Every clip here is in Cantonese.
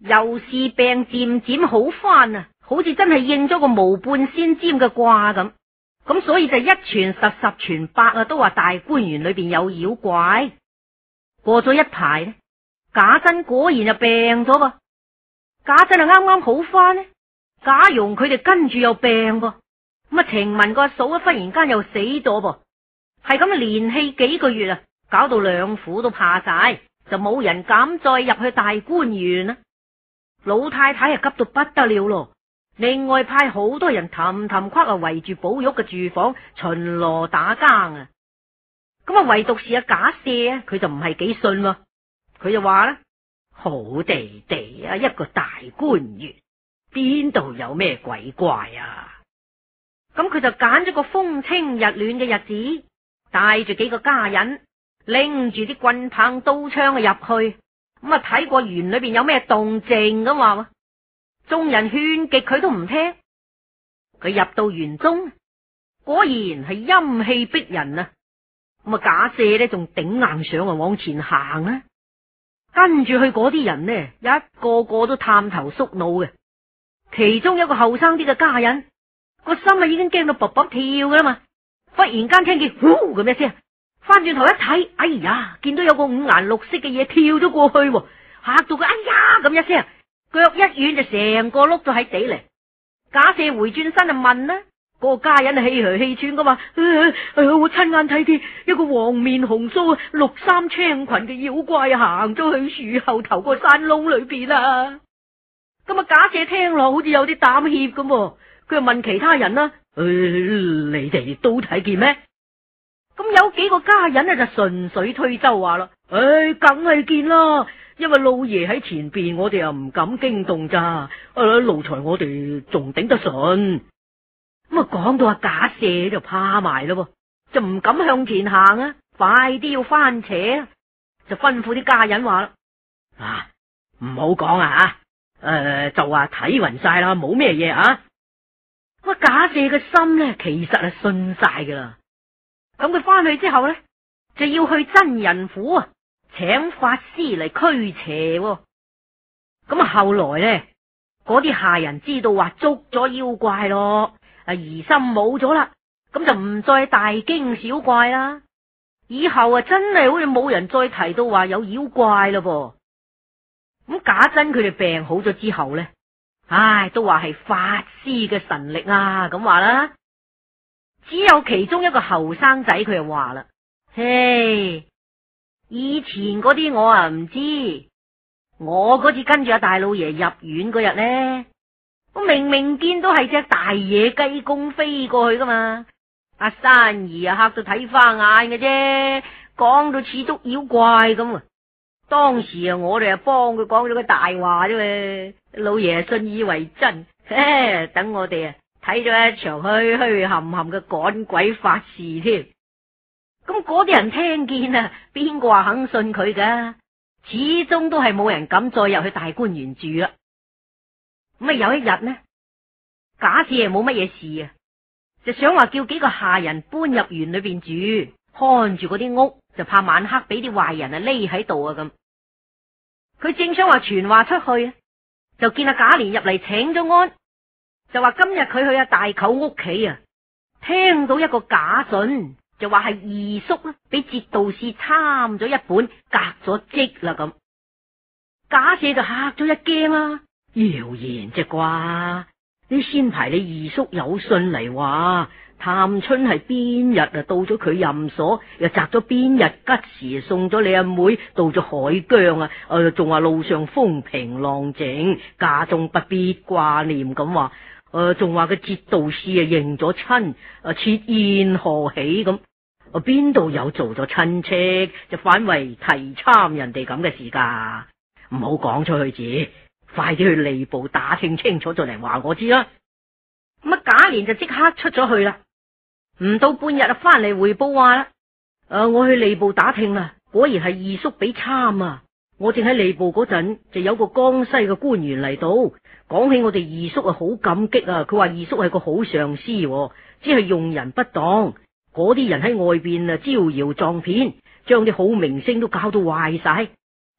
又是病漸漸好翻啊，好似真係應咗個毛半仙占嘅卦咁，咁所以就一傳十，十傳百啊，都話大觀園裏邊有妖怪。過咗一排呢，賈珍果然就病咗噃，賈珍啊啱啱好翻呢，賈蓉佢哋跟住又病噃，咁啊晴雯個嫂啊忽然間又死咗噃，係咁連氣幾個月啊，搞到兩府都怕晒，就冇人敢再入去大觀園啦。老太太啊，急到不得了咯！另外派好多人氹氹括啊，圍住寶玉嘅住房巡邏打更啊！咁啊，唯獨是阿賈赦，佢就唔係幾信，佢就話啦：好地地啊，一個大官員，邊度有咩鬼怪啊！咁佢就揀咗個風清日暖嘅日子，帶住幾個家人，拎住啲棍棒刀槍啊入去。咁啊，睇過園裏邊有咩動靜咁話嘛，眾人勸極佢都唔聽，佢入到園中，果然係陰氣逼人啊！咁啊，假設咧仲頂硬上啊，往前行啊，跟住去嗰啲人咧，一個個都探頭縮腦嘅，其中有個後生啲嘅家人，個心啊已經驚到勃勃跳噶啦嘛，忽然間聽見呼咁樣聲。翻轉頭一睇，哎呀！見到有個五顏六色嘅嘢跳咗過去，吓到佢哎呀咁一聲，腳一軟就成個碌咗喺地嚟。賈赦回轉身就問啦，嗰、那個家人氣噓氣喘㗎嘛、哎哎，我親眼睇見一個黃面紅鬚、綠衫青裙嘅妖怪行咗去樹後頭個山窿裏邊啦。咁啊，賈赦聽落好似有啲膽怯咁，佢就問其他人啦、呃，你哋都睇見咩？咁有幾個家人呢，就順水推舟話啦，唉、哎，梗係見啦，因為老爺喺前邊，我哋又唔敢驚動咋？啊、呃，奴才我哋仲頂得順。咁啊，講到阿假赦就怕埋啦，就唔敢向前行啊，快啲要翻扯啊！就吩咐啲家人話啦，啊，唔好講啊吓，誒、呃，就話睇匀晒啦，冇咩嘢啊。我假赦嘅心呢，其實係信晒噶啦。咁佢翻去之後咧，就要去真人府啊，請法師嚟驅邪喎。咁後來咧，嗰啲下人知道話捉咗妖怪咯，疑心冇咗啦，咁就唔再大驚小怪啦。以後啊，真係好似冇人再提到話有妖怪咯噃。咁賈珍佢哋病好咗之後咧，唉，都話係法師嘅神力啊，咁話啦。只有其中一個後生仔，佢又話啦：嘿，以前嗰啲我啊唔知，我嗰次跟住阿大老爺入院嗰日咧，我明明見到係隻大野雞公飛過去噶嘛，阿、啊、三兒啊嚇到睇花眼嘅啫，講到似足妖怪咁啊！當時啊，我哋啊幫佢講咗個大話啫，老爺信以為真，嘿嘿，等我哋啊。睇咗一場虛虛冚冚嘅趕鬼法事添，咁嗰啲人聽見啊，邊個話肯信佢噶？始終都係冇人敢再入去大觀園住啦。咁啊有一日呢，賈氏又冇乜嘢事啊，就想話叫幾個下人搬入園裏邊住，看住嗰啲屋，就怕晚黑俾啲壞人啊匿喺度啊咁。佢正想話傳話出去，就見阿賈璉入嚟請咗安。就話今日佢去阿大舅屋企啊，聽到一個假信，就話係二叔啦，俾節度使參咗一本，革咗職啦咁。假設就吓咗一驚啦、啊，謠言啫啩？你先排你二叔有信嚟話，探春係邊日啊到咗佢任所，又擇咗邊日吉時送咗你阿妹，妹到咗海疆啊，誒仲話路上風平浪靜，家中不必掛念咁話。誒，仲話個節道士啊，認咗親，誒，設宴賀喜咁。我邊度有做咗親戚，就反為提參人哋咁嘅事噶，唔好講出去字，快啲去吏部打聽清楚再，再嚟話我知啦。乜賈璉就即刻出咗去啦，唔到半日啊，翻嚟匯報話啦，誒，我去吏部打聽啦，果然係二叔俾參啊，我正喺吏部嗰陣，就有個江西嘅官員嚟到。講起我哋二叔啊，好感激啊！佢話二叔係個好上司，只係用人不當，嗰啲人喺外邊啊招搖撞騙，將啲好明星都搞到壞晒。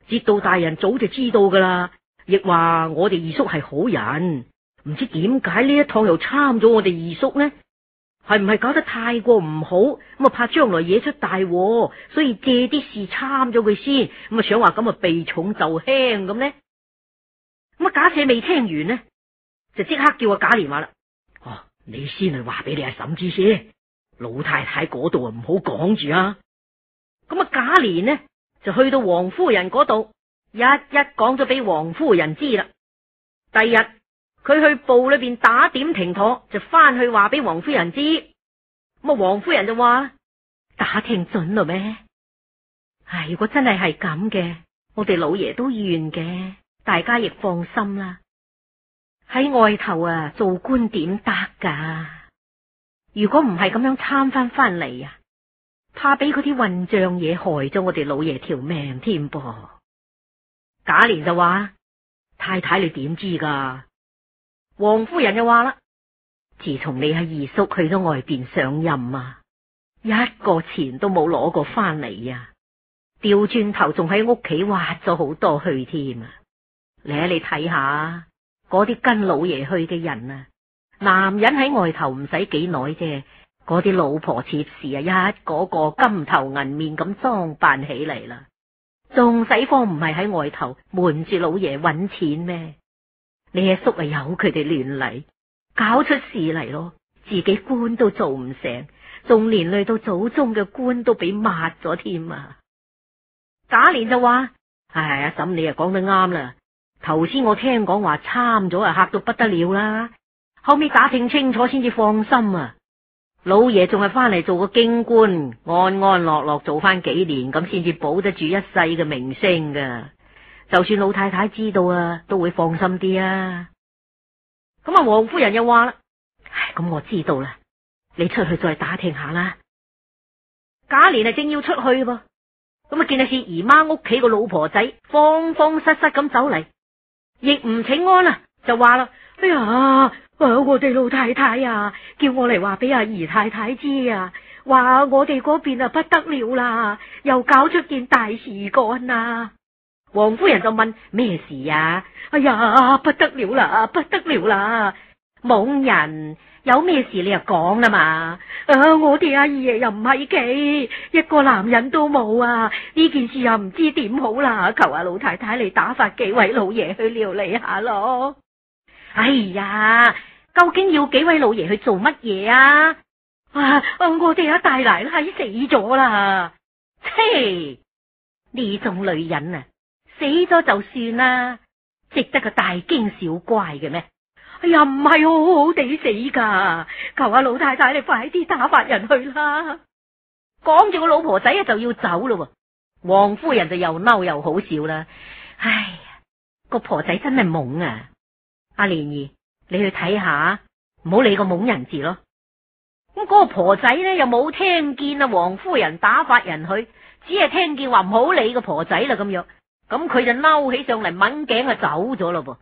節度大人早就知道噶啦，亦話我哋二叔係好人，唔知點解呢一趟又參咗我哋二叔呢？係唔係搞得太過唔好咁啊？怕將來惹出大禍，所以借啲事參咗佢先咁啊？想話咁啊，避重就輕咁呢？賈赦未聽完呢，就即刻叫阿賈璉話啦。哦，你先去話俾你阿嬸知先。老太太嗰度啊，唔好講住啊。咁啊，賈璉呢，就去到王夫人嗰度，一一講咗俾王夫人知啦。第二日佢去部裏邊打點停妥，就翻去話俾王夫人知。咁啊，王夫人就話：打聽準嘞咩？唉，如果真係係咁嘅，我哋老爺都怨嘅。大家亦放心啦，啊，喺外頭啊做官點得噶如果唔係咁樣撐翻翻嚟，啊，怕俾嗰啲混賬嘢害咗我哋老爺條命添，啊，噃。賈璉就話：太太你點知噶王夫人就話啦：自從你喺二叔去咗外邊上任啊，一個錢都冇攞過翻嚟呀，調轉頭仲喺屋企挖咗好多去添啊！啊、你睇下嗰啲跟老爺去嘅人啊，男人喺外頭唔使幾耐啫，嗰啲老婆妾侍啊，一個個金頭銀面咁裝扮起嚟啦，仲使慌唔係喺外頭瞞住老爺搵錢咩？你阿叔由佢哋亂嚟，搞出事嚟咯，自己官都做唔成，仲連累到祖宗嘅官都俾抹咗添啊！賈璉就話：唉、哎，阿嬸，你又講得啱啦。頭先我聽講話參咗啊，嚇到不得了啦！後尾打聽清楚先至放心啊！老爺仲係翻嚟做個京官，安安樂樂做翻幾年，咁先至保得住一世嘅名聲噶。就算老太太知道啊，都會放心啲啊！咁啊，王夫人又話啦：唉，咁我知道啦，你出去再打聽下啦。賈璉啊，正要出去噃，咁啊，見到薛姨媽屋企個老婆仔，慌慌失失咁走嚟。亦唔請安啦、啊，就話啦，哎呀，啊、我哋老太太啊，叫我嚟話俾阿姨太太知啊，話我哋嗰邊啊不得了啦，又搞出件大事幹啦、啊。王夫人就問咩事呀、啊？哎呀，不得了啦，不得了啦。懵人有咩事，你又講啦嘛？啊，我哋阿二爺又唔喺企，一個男人都冇啊！呢件事又唔知點好啦，求阿老太太嚟打發幾位老爺去料理下咯。哎呀，究竟要幾位老爺去做乜嘢啊？啊我哋阿大奶奶死咗啦！嘿，呢種女人啊，死咗就算啦，值得個大驚小怪嘅咩？哎呀，唔係好好地死噶求下老太太你快啲打發人去啦！講住個老婆仔啊，就要走咯。王夫人就又嬲又好笑啦。唉，個婆仔真係懵啊！阿、啊、蓮兒，你去睇下，唔好理個懵人字咯。咁、那、嗰個婆仔咧又冇聽見啊，王夫人打發人去，只係聽見話唔好理個婆仔啦咁樣，咁佢就嬲起上嚟，掹頸啊走咗咯噃。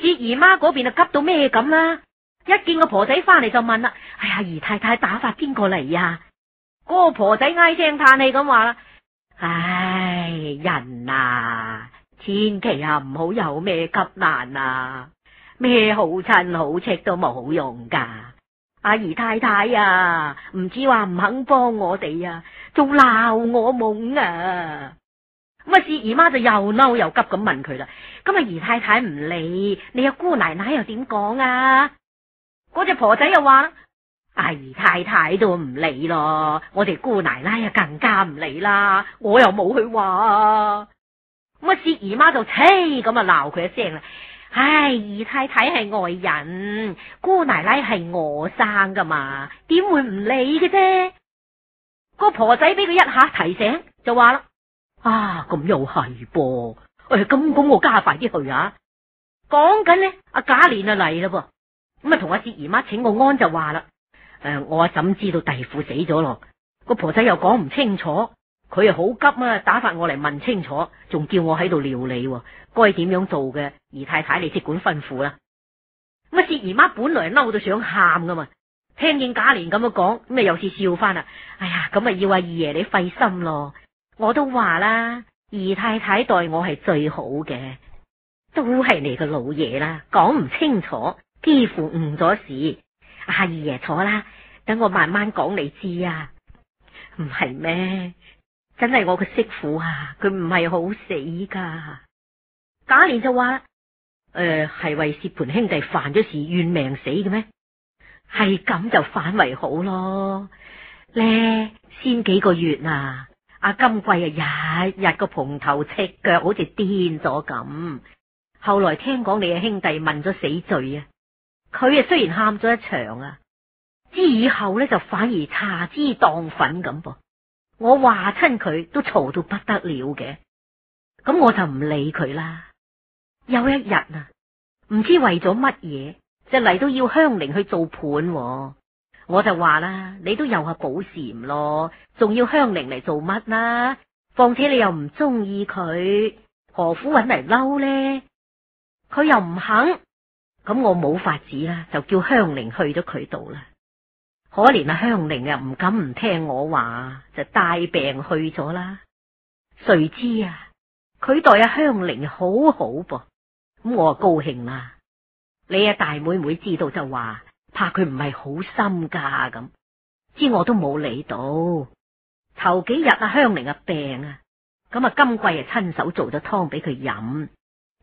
薛姨媽嗰邊就急到咩咁啦！一見個婆仔翻嚟，就問啦：，哎呀，姨太太打發邊個嚟呀？嗰個婆仔唉聲嘆氣咁話啦：，唉，人啊，千祈啊唔好有咩急難啊，咩好親好戚都冇用噶。阿姨太太啊，唔知話唔肯幫我哋啊，仲鬧我懵啊！咁啊！薛姨媽就又嬲又急咁問佢啦。咁啊，姨太太唔理，你阿姑奶奶又點講啊？嗰隻婆仔又話：，阿姨太太都唔理咯，我哋姑奶奶啊更加唔理啦。我又冇去話。咁啊！薛姨媽就嘁咁啊，鬧佢一聲啦。唉，姨太太係外人，姑奶奶係我生噶嘛，點會唔理嘅啫？個婆仔俾佢一下提醒，就話啦。啊，咁又係噃？誒、哎，咁咁我加快啲去講呢啊！講緊咧，阿賈璉啊嚟啦噃，咁啊同阿薛姨媽請個安就話啦。誒、呃，我阿、啊、嬸知道弟婦死咗咯，個婆仔又講唔清楚，佢啊好急啊，打發我嚟問清楚，仲叫我喺度料理、啊，該點樣做嘅？姨太太你即管吩咐啦。咁阿薛姨媽本來嬲到想喊噶嘛，聽見賈璉咁樣講，咁啊又是笑返啦。哎呀，咁啊要阿二爺你費心咯。我都話啦，姨太太待我係最好嘅，都係你個老爺啦，講唔清楚，幾乎誤咗事。阿二爺坐啦，等我慢慢講你知啊，唔係咩？真係我個媳婦啊，佢唔係好死噶。賈璉就話：誒、呃，係為薛蟠兄弟犯咗事怨命死嘅咩？係咁就反為好咯。呢先幾個月啊。阿金貴啊，日日個蓬頭赤腳，好似癲咗咁。後來聽講你嘅兄弟問咗死罪啊，佢啊雖然喊咗一場啊，之以後咧，就反而搽脂蕩粉，咁噃。我話親佢都嘈到不得了嘅，咁我就唔理佢啦。有一日啊，唔知為咗乜嘢，就嚟到要香菱去做伴，啊。我就話啦，你都有下寶蟾咯，仲要香菱嚟做乜啦？況且你又唔中意佢，何苦搵嚟嬲咧？佢又唔肯，咁我冇法子啦，就叫香菱去咗佢度啦。可憐啊，香菱啊，唔敢唔聽我話，就帶病去咗啦。誰知啊，佢待阿香菱好好噃，咁我啊高興啦。你阿大妹妹知道就話。怕佢唔係好心噶，咁，知我都冇理到。頭幾日阿香菱啊病啊，咁啊金貴啊親手做咗湯俾佢飲，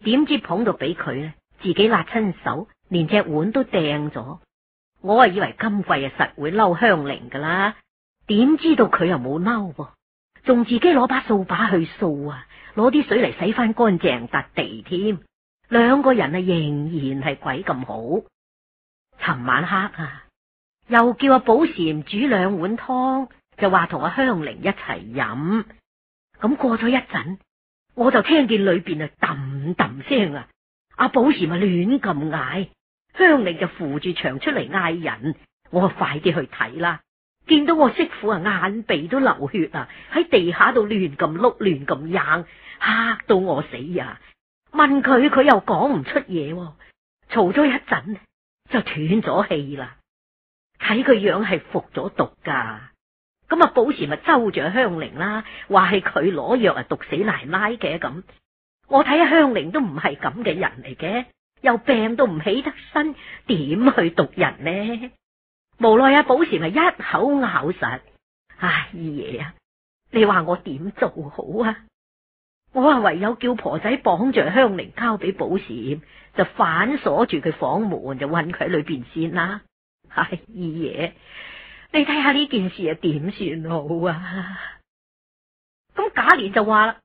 點知捧到俾佢咧，自己辣親手，連隻碗都掟咗。我啊以為金貴啊實會嬲香菱噶啦，點知道佢又冇嬲，仲自己攞把掃把去掃啊，攞啲水嚟洗翻乾淨笪地添。兩個人啊仍然係鬼咁好。尋晚黑啊，又叫阿寶禪煮兩碗湯，就話同阿香菱一齊飲。咁過咗一陣，我就聽見裏邊啊，揼揼聲啊，阿寶禪咪亂咁嗌，香菱就扶住牆出嚟嗌人。我快啲去睇啦，見到我媳婦啊，眼鼻都流血啊，喺地下度亂咁碌，亂咁硬，嚇到我死啊！問佢，佢又講唔出嘢，啊，嘈咗一陣。就斷咗氣啦，睇佢樣係服咗毒噶，咁啊，寶蟾咪揪住香菱啦，話係佢攞藥啊毒死奶奶嘅咁，我睇香菱都唔係咁嘅人嚟嘅，又病到唔起得身，點去毒人呢？無奈阿寶蟾係一口咬實，唉，二爺啊，你話我點做好啊？我係唯有叫婆仔綁着香菱交俾寶蟾，就反鎖住佢房門，就困佢喺裏邊先啦。唉，二爺，你睇下呢件事啊點算好啊？咁賈璉就話啦，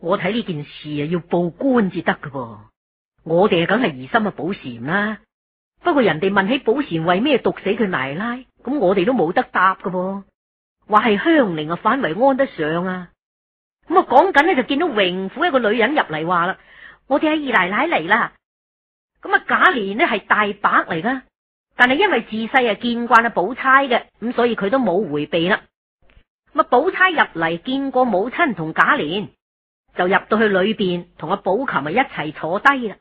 我睇呢件事啊要報官至得噶噃，我哋啊梗係疑心啊寶蟾啦。不過人哋問起寶蟾為咩毒死佢奶奶，咁我哋都冇得答噶噃，話係香菱啊反為安得上啊。咁啊，講緊咧就見到榮府一個女人入嚟話啦，我哋係二奶奶嚟啦。咁啊，賈璉呢係大伯嚟噶，但係因為自細啊見慣阿寶釵嘅，咁所以佢都冇迴避啦。咁啊，寶釵入嚟見過母親同賈璉，就入到去裏邊同阿寶琴啊一齊坐低啦。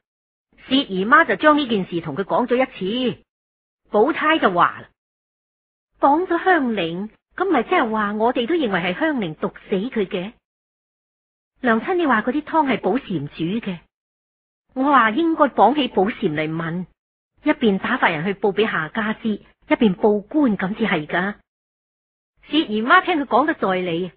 薛姨媽就將呢件事同佢講咗一次，寶釵就話啦：講咗香菱，咁咪即係話我哋都認為係香菱毒死佢嘅。娘親，你話嗰啲湯係寶蟾煮嘅，我話應該綁起寶蟾嚟問，一邊打發人去報俾夏家知，一邊報官，咁至係噶。薛姨媽聽佢講得在理，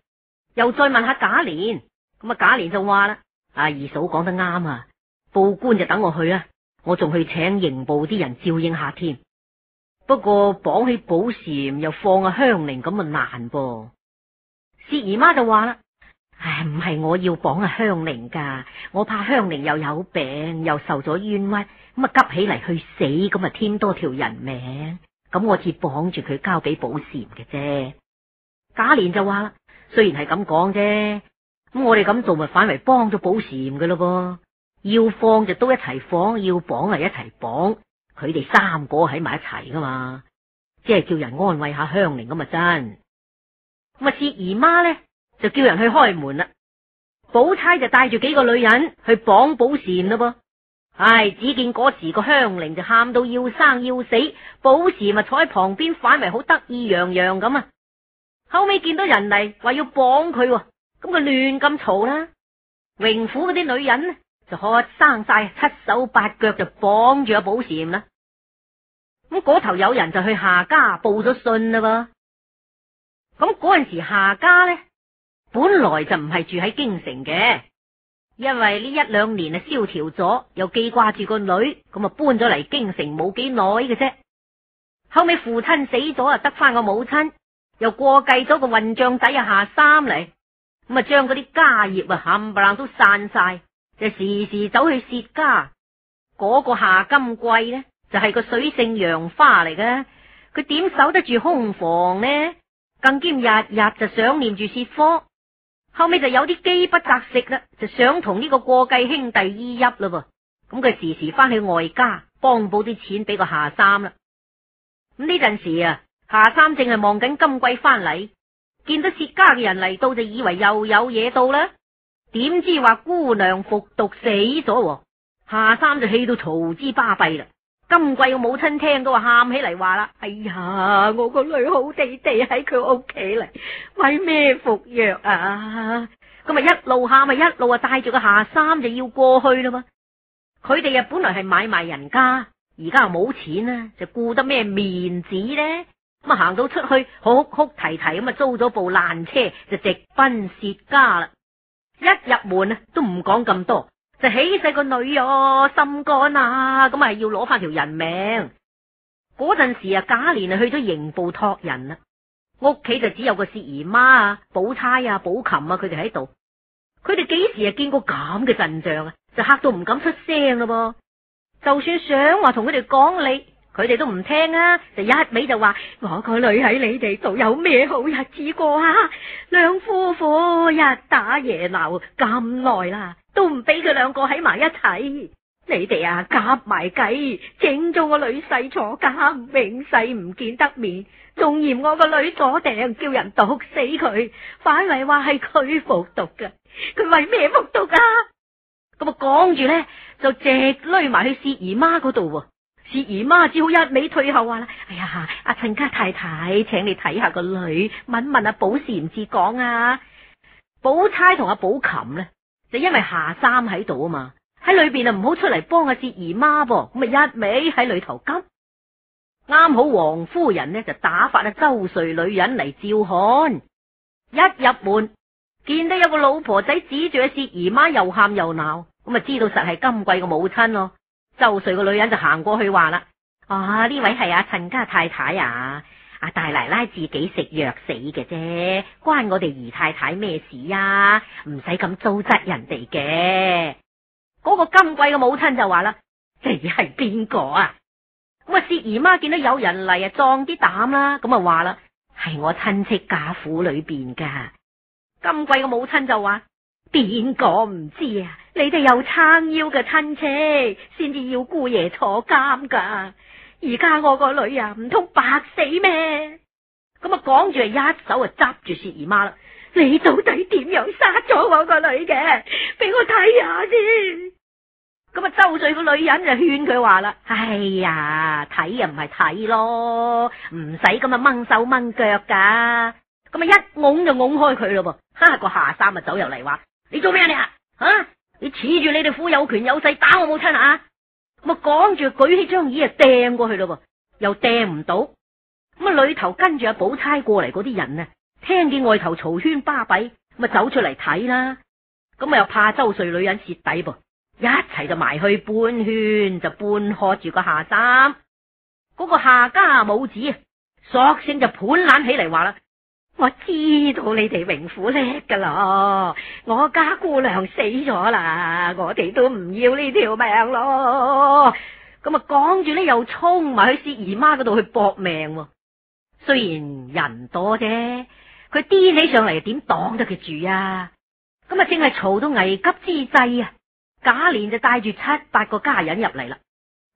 又再問下賈蓮，咁啊賈蓮就話啦，阿二嫂講得啱啊，報官就等我去啊，我仲去請刑部啲人照應下添。不過綁起寶蟾又放阿香菱咁啊難噃。薛姨媽就話啦。唉，唔係我要綁阿香菱噶，我怕香菱又有病，又受咗冤屈，咁啊急起嚟去死，咁啊添多條人命，咁我只綁住佢交俾寶蟾嘅啫。賈璉就話啦，雖然係咁講啫，咁我哋咁做咪反為幫咗寶蟾嘅咯噃，要放就都一齊放，要綁啊一齊綁，佢哋三個喺埋一齊噶嘛，即係叫人安慰下香菱咁啊真。咁啊，薛姨媽咧。就叫人去開門啦，寶釵就帶住幾個女人去綁寶蟾咯噃。唉，只見嗰時個香菱就喊到要生要死，寶蟾咪坐喺旁邊，反為好得意洋洋咁啊。後尾見到人嚟，話要綁佢，咁佢亂咁嘈啦。榮府嗰啲女人呢，就學生晒七手八腳，就綁住阿寶蟾啦。咁嗰頭有人就去夏家報咗信啦噃。咁嗰陣時夏家咧。本來就唔係住喺京城嘅，因為呢一兩年啊，蕭條咗，又記掛住個女，咁啊搬咗嚟京城冇幾耐嘅啫。後尾父親死咗啊，得翻個母親，又過繼咗個混賬仔啊下三嚟，咁啊將嗰啲家業啊冚唪唥都散晒，就時時走去薛家。嗰、那個夏金桂呢，就係、是、個水性楊花嚟嘅，佢點守得住空房呢？更兼日日就想念住薛蝌。後尾就有啲飢不擇食啦，就想同呢個過繼兄弟依泣啦噃，咁佢時時翻去外家幫補啲錢俾個夏三啦。咁呢陣時啊，夏三正係望緊金桂翻嚟，見到薛家嘅人嚟到就以為又有嘢到啦，點知話姑娘服毒死咗，夏三就氣到嘈之巴閉啦。今桂嘅母親聽到話喊起嚟，話啦：哎呀，我個女好地地喺佢屋企嚟，為咩服藥啊？咁咪一路喊咪一路啊，帶住個夏衫就要過去啦。佢哋啊，本來係買賣人家，而家又冇錢啦，就顧得咩面子咧。咁行到出去，哭哭啼啼咁租咗部爛車，就直奔薛家啦。一入門啊，都唔講咁多。就起晒個女哦，心肝啊！咁係要攞翻條人命。嗰陣時啊，賈璉去咗刑部託人啊，屋企就只有個薛姨媽啊、寶釵啊、寶琴啊，佢哋喺度。佢哋幾時啊見過咁嘅陣象啊？就嚇到唔敢出聲咯噃。就算想話同佢哋講理，佢哋都唔聽啊！就一味就話 我個女喺你哋度，有咩好日子過啊？兩夫婦日打夜鬧咁耐啦。都唔俾佢兩個喺埋一齊，你哋啊夾埋計，整咗我女婿坐監，永世唔見得面，仲嫌我個女坐定，叫人毒死佢，反嚟話係佢服毒噶，佢為咩服毒噶？咁啊講住咧就直攞埋去薛姨媽嗰度，薛姨媽只好一味退後話啦，哎呀阿陳家太太，請你睇下個女，問問阿寶是至是講啊，寶釵同阿寶琴咧。就因為夏三喺度啊嘛，喺裏邊啊唔好出嚟幫阿薛姨媽噃。咁啊一味喺裏頭急。啱好王夫人呢就打發阿周瑞女人嚟照看，一入門見到有個老婆仔指住阿薛姨媽又喊又鬧，咁啊知道實係金桂個母親咯。周瑞個女人就行過去話啦：啊呢位係阿陳家太太啊。阿大奶奶自己食藥死嘅啫，關我哋姨太太咩事啊？唔使咁糟質人哋嘅。嗰個金貴嘅母親就話啦：你係邊個啊？咁啊，薛姨媽見到有人嚟啊，壯啲膽啦。咁啊，話啦，係我親戚嫁府裏邊噶。金貴嘅母親就話：邊個唔知啊？你哋有撐腰嘅親戚，先至要姑爺坐監噶。而家我個女啊，唔通白死咩？咁啊，講住啊，一手啊執住薛姨媽啦。你到底點樣殺咗我個女嘅？俾我睇下先。咁啊，周瑞個女人就勸佢話啦：，哎呀，睇又唔係睇咯，唔使咁啊掹手掹腳噶。咁啊，一拱就拱開佢咯噃。哈，個下三啊走入嚟話：，你做咩你啊？啊，你恃住你哋夫有權有勢打我母親啊？咪講住，舉起張椅啊，掟過去咯，噃又掟唔到。咁啊，裏頭跟住阿寶釵過嚟嗰啲人啊，聽見外頭嘈喧巴閉，咁啊，走出嚟睇啦。咁啊，又怕周瑞女人蝕底，噃一齊就埋去半圈，就半喝住個下三。嗰、嗰個夏家母子啊，索性就盤攬起嚟話啦。我知道你哋榮府叻噶啦，我家姑娘死咗啦，我哋都唔要呢條命咯。咁啊，講住呢？又衝埋去薛姨媽嗰度去搏命。雖然人多啫，佢癲起上嚟點擋得佢住啊？咁啊，淨係嘈到危急之際啊，賈璉就帶住七八個家人入嚟啦。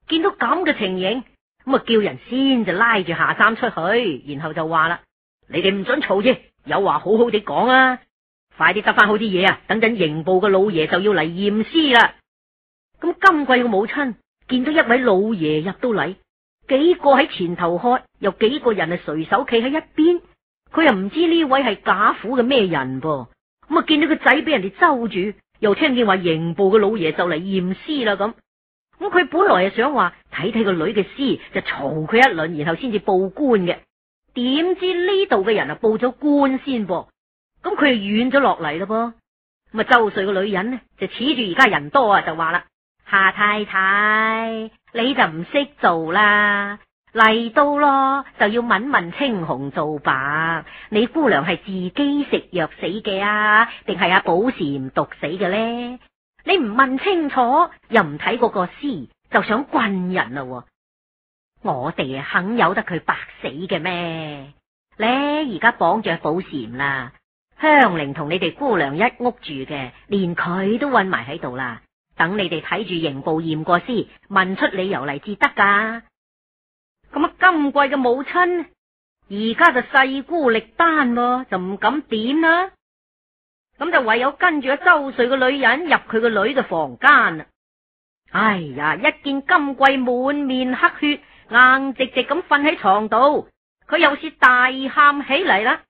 見到咁嘅情形，咁啊，叫人先就拉住夏三出去，然後就話啦。你哋唔准嘈啫，有話好好地講啊！快啲執翻好啲嘢啊！等陣刑部嘅老爺就要嚟驗屍啦。咁金桂嘅母親見到一位老爺入到嚟，幾個喺前頭喝，又幾個人係垂手企喺一邊。佢又唔知呢位係賈府嘅咩人噃。咁啊，見到個仔俾人哋揪住，又聽見話刑部嘅老爺就嚟驗屍啦咁。咁佢本來係想話睇睇個女嘅屍，就嘈佢一輪，然後先至報官嘅。點知呢度嘅人啊報咗官先噃，咁佢就遠咗落嚟咯噃，咁啊周瑞個女人呢就恃住而家人多啊，就話啦，夏太太你就唔識做啦，嚟到咯就要問問青紅皂白，你姑娘係自己食藥死嘅啊，定係阿寶蟾毒死嘅咧？你唔問清楚又唔睇嗰個屍，就想棍人咯？我哋啊，肯有得佢白死嘅咩？咧而家綁住寶蟾啦，香菱同你哋姑娘一屋住嘅，連佢都韫埋喺度啦。等你哋睇住刑部驗過先，問出理由嚟，至得噶。咁啊，金桂嘅母親而家就勢孤力單，就唔敢點啦。咁就唯有跟住阿周瑞嘅女人入佢個女嘅房間啦。哎呀，一見金桂滿面黑血。硬直直咁瞓喺床度，佢又是大喊起嚟啦。